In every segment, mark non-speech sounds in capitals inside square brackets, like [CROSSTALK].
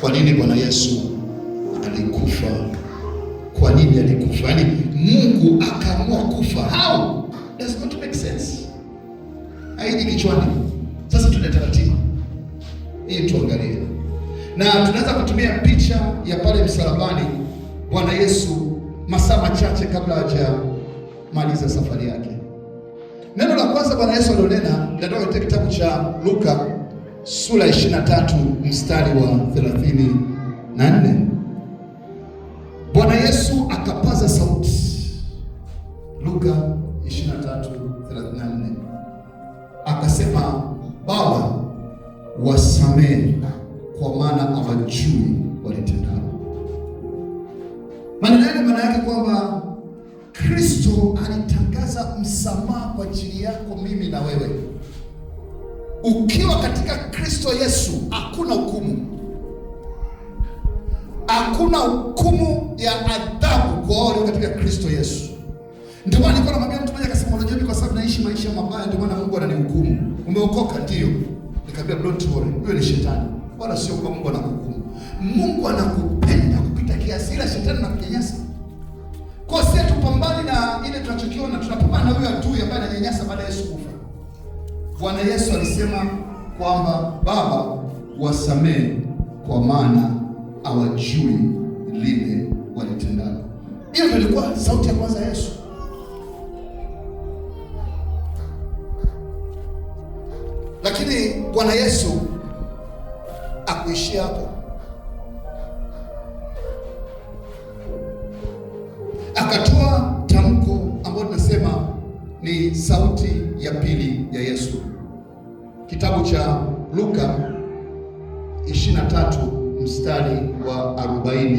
Kwa nini Bwana Yesu alikufa? Kwa nini alikufa? Yaani Mungu akaamua kufa. How? Does not make sense. Haiji kichwani. Sasa tuna taratibu hii, tuangalie na tunaweza kutumia picha ya pale msalabani Bwana Yesu masaa machache kabla hajamaliza safari yake. Neno la kwanza Bwana Yesu alionena linatoka kitabu cha Luka sura 23 mstari wa 34. Ukiwa katika Kristo Yesu hakuna hukumu, hakuna hukumu ya adhabu kwa wale katika Kristo Yesu. Ndio maana nilikuwa namwambia mtu mmoja, akasema unajua, kwa sababu naishi maisha mabaya, ndio maana Mungu ananihukumu. Umeokoka? Ndio. Nikamwambia don't worry, huyo ni shetani, wala sio kwa Mungu anakuhukumu. Mungu anakupenda kupita kiasi, ila shetani anakunyanyasa. Kwa sisi tupambane na ile tunachokiona, tunapambana na huyo adui ambaye ananyanyasa baada ya Yesu kufa. Bwana Yesu alisema kwamba Baba, wasamehe kwa maana hawajui lile walitendalo. Hiyo ndiyo ilikuwa sauti ya kwanza Yesu. Lakini Bwana Yesu akuishia hapo, akatoa ni sauti ya pili ya Yesu. Kitabu cha Luka 23 mstari wa 43.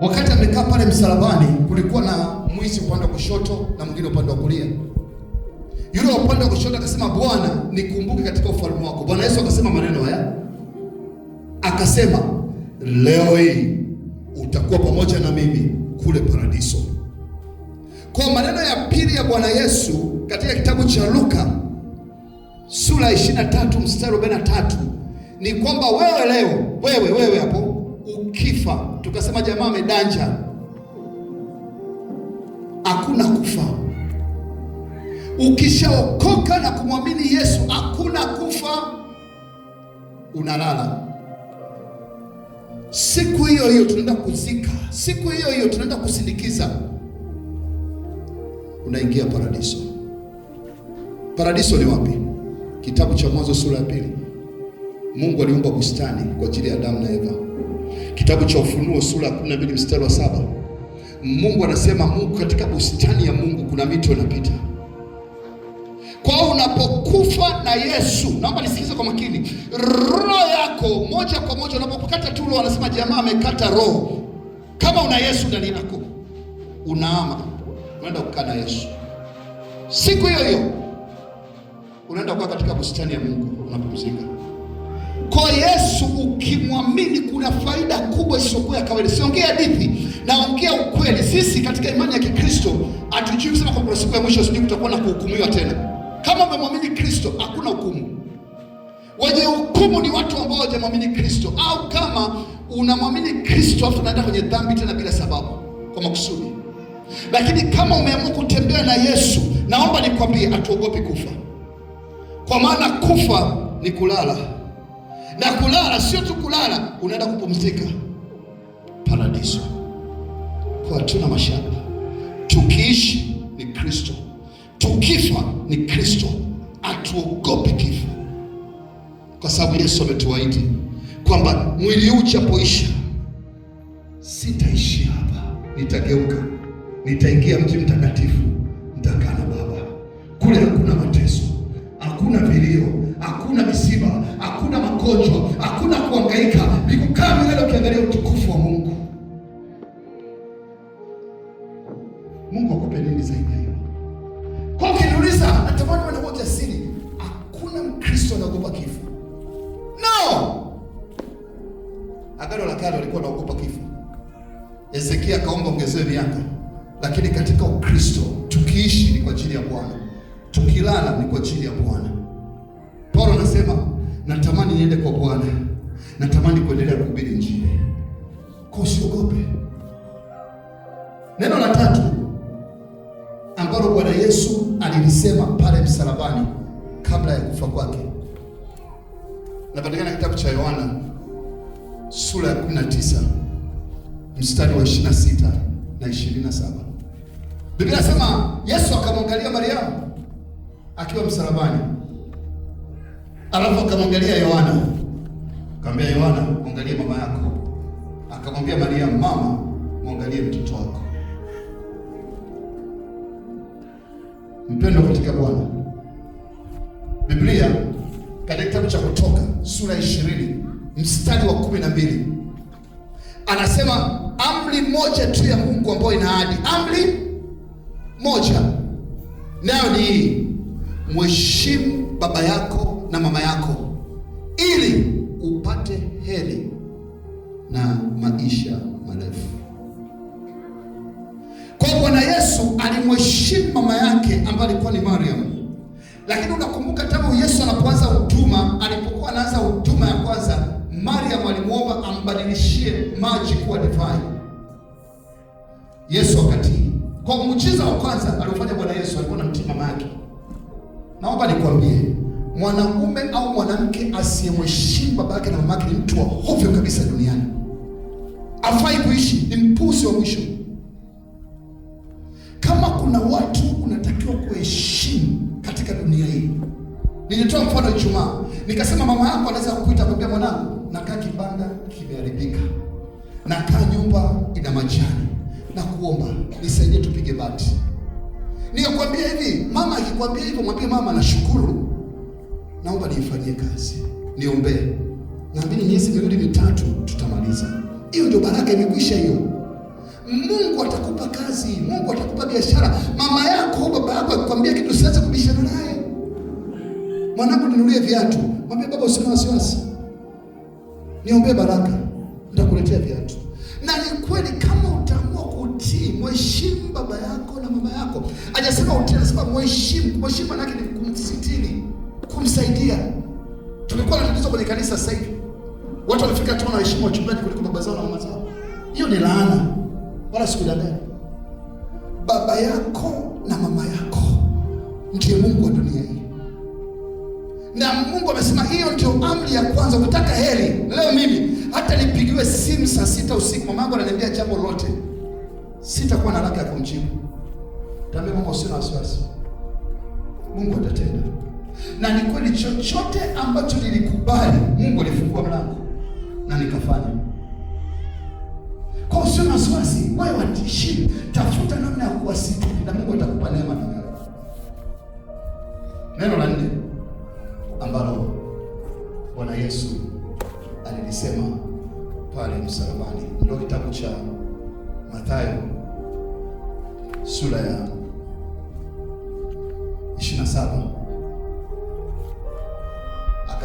Wakati amekaa pale msalabani, kulikuwa na mwizi upande wa kushoto na mwingine upande wa kulia. Yule wa upande wa kushoto akasema, Bwana, nikumbuke katika ufalme wako. Bwana Yesu akasema maneno haya, akasema, leo hii utakuwa pamoja na mimi kule paradiso. Kwa maneno ya pili ya Bwana Yesu katika kitabu cha Luka sura 23 mstari 43 ni kwamba wewe leo, wewe wewe hapo ukifa, tukasema jamaa amedanja, hakuna kufa. Ukishaokoka na kumwamini Yesu, hakuna kufa, unalala siku hiyo hiyo, tunaenda kuzika siku hiyo hiyo, tunaenda kusindikiza unaingia paradiso. Paradiso ni wapi? Kitabu cha Mwanzo sura ya pili, Mungu aliumba bustani kwa ajili ya Adamu na Eva. Kitabu cha Ufunuo sura ya 12 mstari wa saba, Mungu anasema, Mungu katika bustani ya Mungu kuna mito inapita kwao. Unapokufa na Yesu, naomba nisikize kwa makini, roho yako moja kwa moja unapokata tu roho, anasema jamaa amekata roho. Kama una Yesu ndani yako unaama unaenda kukaa na Yesu. Siku hiyo hiyo unaenda kukaa katika bustani ya Mungu, unapumzika kwa Yesu. Ukimwamini kuna faida kubwa isiyokuwa ya kawaida. Siongea hadithi, naongea ukweli. Sisi katika imani ya Kikristo hatujui sana kwa siku ya mwisho, sijui kutakuwa na kuhukumiwa tena. Kama umemwamini Kristo hakuna hukumu. Wenye hukumu ni watu ambao hawajamwamini Kristo, au kama unamwamini Kristo afu unaenda kwenye dhambi tena bila sababu, kwa makusudi lakini kama umeamua kutembea na Yesu, naomba nikwambie, atuogopi kufa, kwa maana kufa ni kulala, na kulala sio tu kulala, unaenda kupumzika paradiso. Kwa hatuna mashaka, tukiishi ni Kristo, tukifa ni Kristo. Atuogopi kifo, kwa sababu Yesu ametuahidi kwamba mwili huu uchapoisha, sitaishi hapa, nitageuka nitaingia mji mtakatifu, nitakaa na Baba. Kule hakuna mateso, hakuna vilio, hakuna misiba, hakuna magonjwa, hakuna kuangaika Nikukaa milele ukiangalia utukufu wa Mungu. Mungu akupe nini zaidi ya hiyo? Kwa ukiniuliza, natamani wanakuwa jasiri, hakuna Mkristo anaogopa kifo. No, Agano la Kale walikuwa wanaogopa kifo. ezekia akaomba ongezewe miaka lakini katika Ukristo tukiishi ni kwa ajili ya Bwana, tukilala ni kwa ajili ya Bwana. Paulo anasema natamani niende kwa Bwana, natamani kuendelea kuhubiri Injili. Kwa usiogope. Neno la tatu ambalo Bwana Yesu alilisema pale msalabani kabla ya kufa kwake napatikana kitabu cha Yohana sura ya 19 mstari wa 26 na 27. Biblia inasema Yesu akamwangalia Mariamu akiwa msalabani, alafu akamwangalia Yohana, akamwambia Yohana, mwangalie mama yako. Akamwambia Mariamu, mama, mwangalie mtoto wako. Mpendwa katika Bwana, Biblia katika kitabu cha Kutoka sura ya ishirini mstari wa kumi na mbili anasema amri moja tu ya Mungu ambayo ina ahadi amri moja, nayo ni hii: mheshimu baba yako na mama yako, ili upate heri na maisha marefu. Kwa Bwana Yesu alimheshimu mama yake ambaye alikuwa ni mariam Lakini unakumbuka tangu Yesu anapoanza utuma, alipokuwa anaanza huduma ya kwanza, mariam alimuomba ambadilishie maji kuwa divai. Yesu wakati kwa muujiza wa kwanza aliofanya Bwana Yesu alikuwa na mtima maki. Naomba nikwambie, mwanaume au mwanamke asiyemheshimu babake na mamake ni mtu wa hovyo kabisa duniani. Afai kuishi, ni mpuzi wa mwisho. Kama kuna watu unatakiwa kuheshimu katika dunia hii, nilitoa mfano Ijumaa nikasema, mama yako anaweza kukuita kwambia, mwanangu, nakaa kibanda kimeharibika, nakaa nyumba ina majani na kuomba, nisaidie tupige bati. Nikakwambia hivi, mama akikwambia hivyo, mwambie mama, nashukuru, naomba nifanyie kazi, niombee. Naamini miezi miwili mitatu tutamaliza. Hiyo ndio baraka, imekwisha hiyo. Mungu atakupa kazi, Mungu atakupa biashara. Mama yako au baba yako akikwambia kitu, usianze kubishana naye. Mwanangu, ninunulie viatu, mwambie baba, usina wasiwasi, niombee baraka, nitakuletea viatu. Na ni kweli kama uta umtii, mheshimu baba yako na mama yako. Hajasema utii, anasema mheshimu. Mheshimu manake ni kumsitiri, kumsaidia. Tumekuwa na tatizo kwenye kanisa sasa hivi, watu wanafika tu na wanaheshimu wachungaji kuliko baba zao na mama zao. Hiyo ni laana, wala sikudadea. Baba yako na mama yako ndiye Mungu wa dunia hii, na Mungu amesema hiyo ndio amri ya kwanza. Ukitaka heri leo, mimi hata nipigiwe simu saa sita usiku, mama ananiambia jambo lolote sitakuwa na haraka ya kumjibu. Tambia Mungu, usio na wasiwasi, Mungu atatenda. Na ni kweli, chochote ambacho nilikubali Mungu alifungua mlango na nikafanya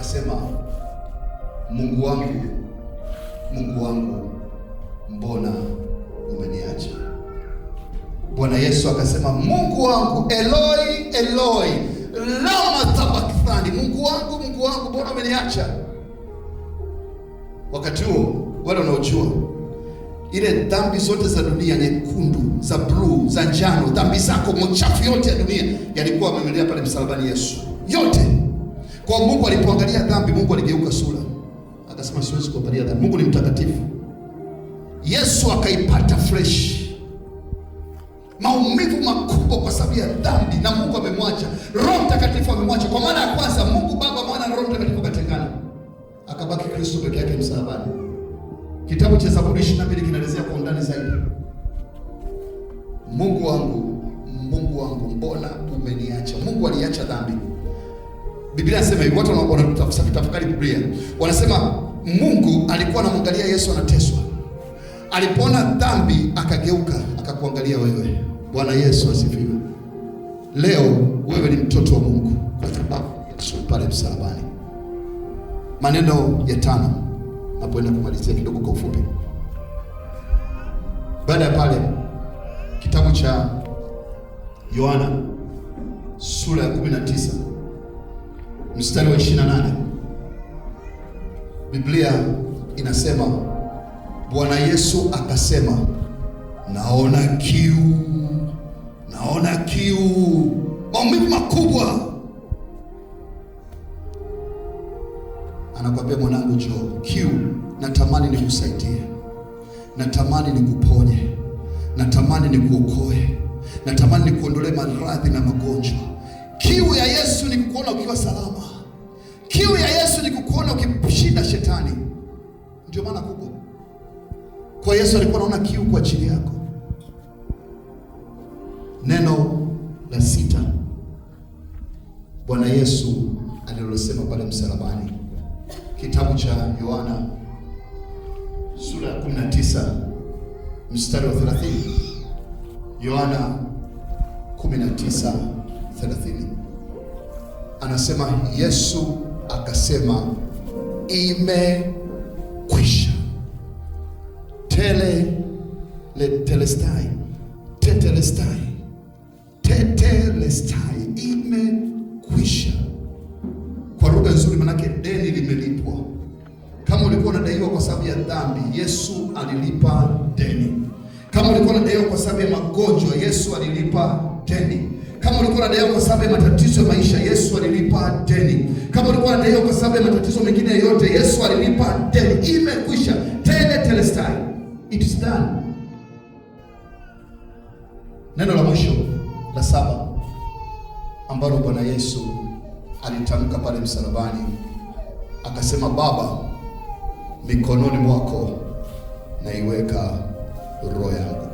akasema, Mungu wangu, Mungu wangu, mbona umeniacha? Bwana Yesu akasema, Mungu wangu, Eloi Eloi lama sabakthani, Mungu wangu, Mungu wangu, mbona umeniacha? Wakati huo wale wanaojua ile dhambi zote za dunia, nyekundu, za bluu, za njano, dhambi zako, machafu yote ya dunia yalikuwa yamemelea pale msalabani Yesu, yote kwa Mungu alipoangalia dhambi, Mungu aligeuka sura, akasema siwezi kuangalia dhambi. Mungu ni mtakatifu. Yesu akaipata fresh maumivu makubwa kwa sababu ya dhambi, na Mungu amemwacha, Roho Mtakatifu amemwacha. Kwa maana ya kwanza Mungu Baba, Mwana na Roho Mtakatifu katengana, akabaki Kristo peke yake msalabani. Kitabu cha Zaburi 22 kinaelezea kwa undani zaidi. Mungu wangu, Mungu wangu, mbona umeniacha? Mungu aliacha dhambi Biblia inasema hivi, watu wanatafakari Biblia wanasema Mungu alikuwa anamwangalia Yesu anateswa, alipoona dhambi akageuka akakuangalia wewe. Bwana Yesu asifiwe. Leo wewe ni mtoto wa Mungu kwa sababu Yesu pale msalabani. Maneno ya tano napoenda kumalizia kidogo kwa ufupi. Baada ya pale kitabu cha Yohana sura ya 19 mstari wa 28 Biblia inasema Bwana Yesu akasema, naona kiu, naona kiu, maumivu makubwa. Anakwambia mwanangu, njoo. Kiu, natamani nikusaidie, natamani nikuponye, natamani nikuokoe, natamani nikuondolee maradhi na magonjwa Kiu ya Yesu ni kukuona ukiwa salama. Kiu ya Yesu ni kukuona ukimshinda shetani. Ndio maana kubwa kwa Yesu alikuwa anaona kiu kwa ajili yako. Neno la sita Bwana Yesu alilosema pale msalabani, kitabu cha Yohana sura ya 19 mstari wa 30. Yohana 19 30. Anasema Yesu akasema imekwisha. Tele le telestai tetelestai tetelestai, imekwisha. Kwa lugha nzuri, manake deni limelipwa. Kama ulikuwa unadaiwa kwa sababu ya dhambi, Yesu alilipa deni. Kama ulikuwa unadaiwa kwa sababu ya magonjwa, Yesu alilipa deni kama ulikuwa na unadaiwa kwa sababu ya matatizo ya maisha, Yesu alilipa deni. Kama ulikuwa na unadaiwa kwa sababu ya matatizo mengine yote, Yesu alilipa deni. Imekwisha. tele telestai, it is done. Neno la mwisho la saba ambalo Bwana Yesu alitamka pale msalabani, akasema, Baba, mikononi mwako naiweka roho yangu.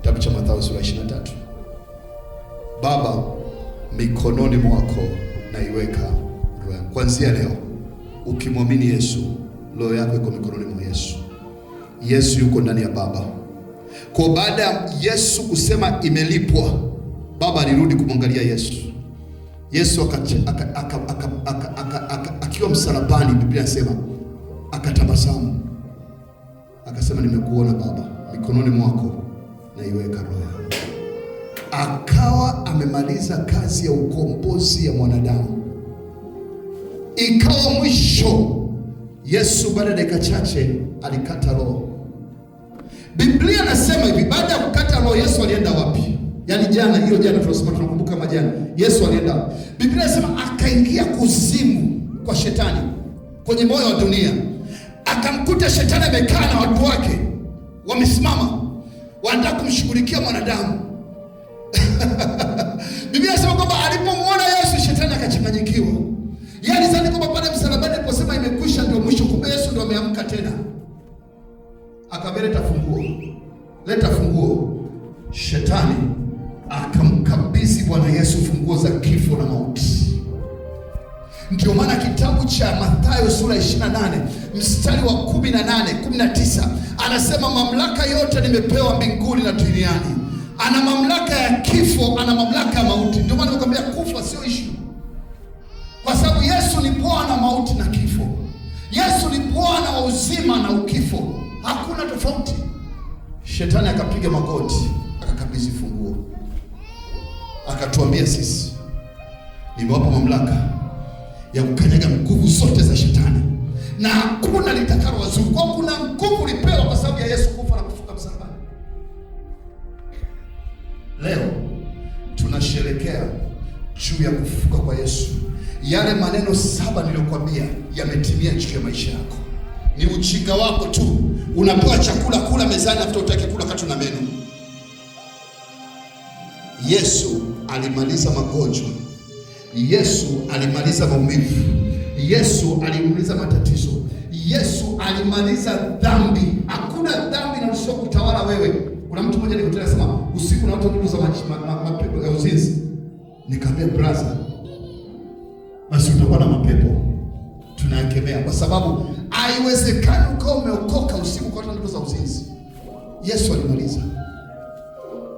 Kitabu cha Mathayo sura 23. Baba, mikononi mwako naiweka roho yangu. Kuanzia leo ukimwamini Yesu, roho yako iko mikononi mwa Yesu. Yesu yuko ndani ya Baba. Kwa baada ya Yesu kusema imelipwa, Baba alirudi kumwangalia Yesu. Yesu akiwa msalabani, Biblia inasema akatabasamu, akasema nimekuona Baba, mikononi mwako naiweka roho yangu akawa amemaliza kazi ya ukombozi ya mwanadamu. Ikawa mwisho, Yesu baada ya dakika chache alikata roho. Biblia nasema hivi, baada ya kukata roho Yesu alienda wapi? Yaani jana, hiyo jana tunasema, tunakumbuka majana, Yesu alienda Biblia nasema akaingia kuzimu kwa shetani, kwenye moyo wa dunia, akamkuta shetani amekaa na watu wake wamesimama, wanataka kumshughulikia mwanadamu [LAUGHS] Biblia inasema kwamba alipomwona Yesu shetani akachanganyikiwa. Yeye alizani kwamba pale msalabani aliposema imekwisha ndio mwisho, kumbe Yesu ndio ameamka tena. Akamwambia leta funguo, leta funguo. Shetani akamkabidhi Bwana Yesu funguo za kifo na mauti. Ndio maana kitabu cha Mathayo sura 28 mstari wa 18 19 anasema mamlaka yote nimepewa mbinguni na duniani ana mamlaka ya kifo, ana mamlaka ya mauti. Ndio maana nimekwambia kufa sio ishu, kwa sababu Yesu ni Bwana mauti na kifo. Yesu ni Bwana wa uzima na ukifo, hakuna tofauti. Shetani akapiga magoti, akakabidhi funguo, akatuambia sisi, nimewapa mamlaka ya kukanyaga nguvu zote za shetani na hakuna litakalo wazungu. Kuna nguvu lipewa kwa sababu ya Yesu kufa na kufuka msalaba. Leo tunasherekea juu ya kufufuka kwa Yesu. Yale maneno saba niliyokwambia yametimia juu ya maisha yako. Ni ujinga wako tu, unapewa chakula kula mezani, hata utaki kula kati na meno. Yesu alimaliza magonjwa, Yesu alimaliza maumivu, Yesu alimaliza matatizo, Yesu alimaliza dhambi. Hakuna dhambi inaruhusiwa kutawala wewe. Kuna mtu mmoja nikutana sema usiku na watu ndugu za mapepo ya uzinzi. Nikamwambia brother, basi utakuwa na mapepo. Tunakemea kwa sababu haiwezekani ukawa umeokoka usiku kwa watu za uzinzi. Yesu alimuuliza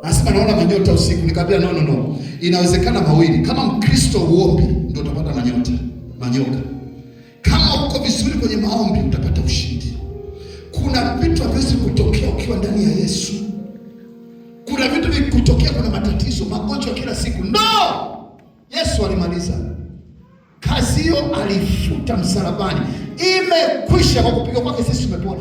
Anasema naona manyota usiku. Nikamwambia no no no. Inawezekana mawili. Kama Mkristo uombi ndio utapata manyota. Manyoka. Kama uko vizuri kwenye maombi utapata ushindi. Kuna vitu haviwezi kutokea ukiwa ndani ya Yesu kuna vitu vikutokea, kuna matatizo, magonjwa kila siku. No, Yesu alimaliza kazi hiyo, alifuta msalabani, imekwisha. Kwa kupigwa kwake sisi tumepona.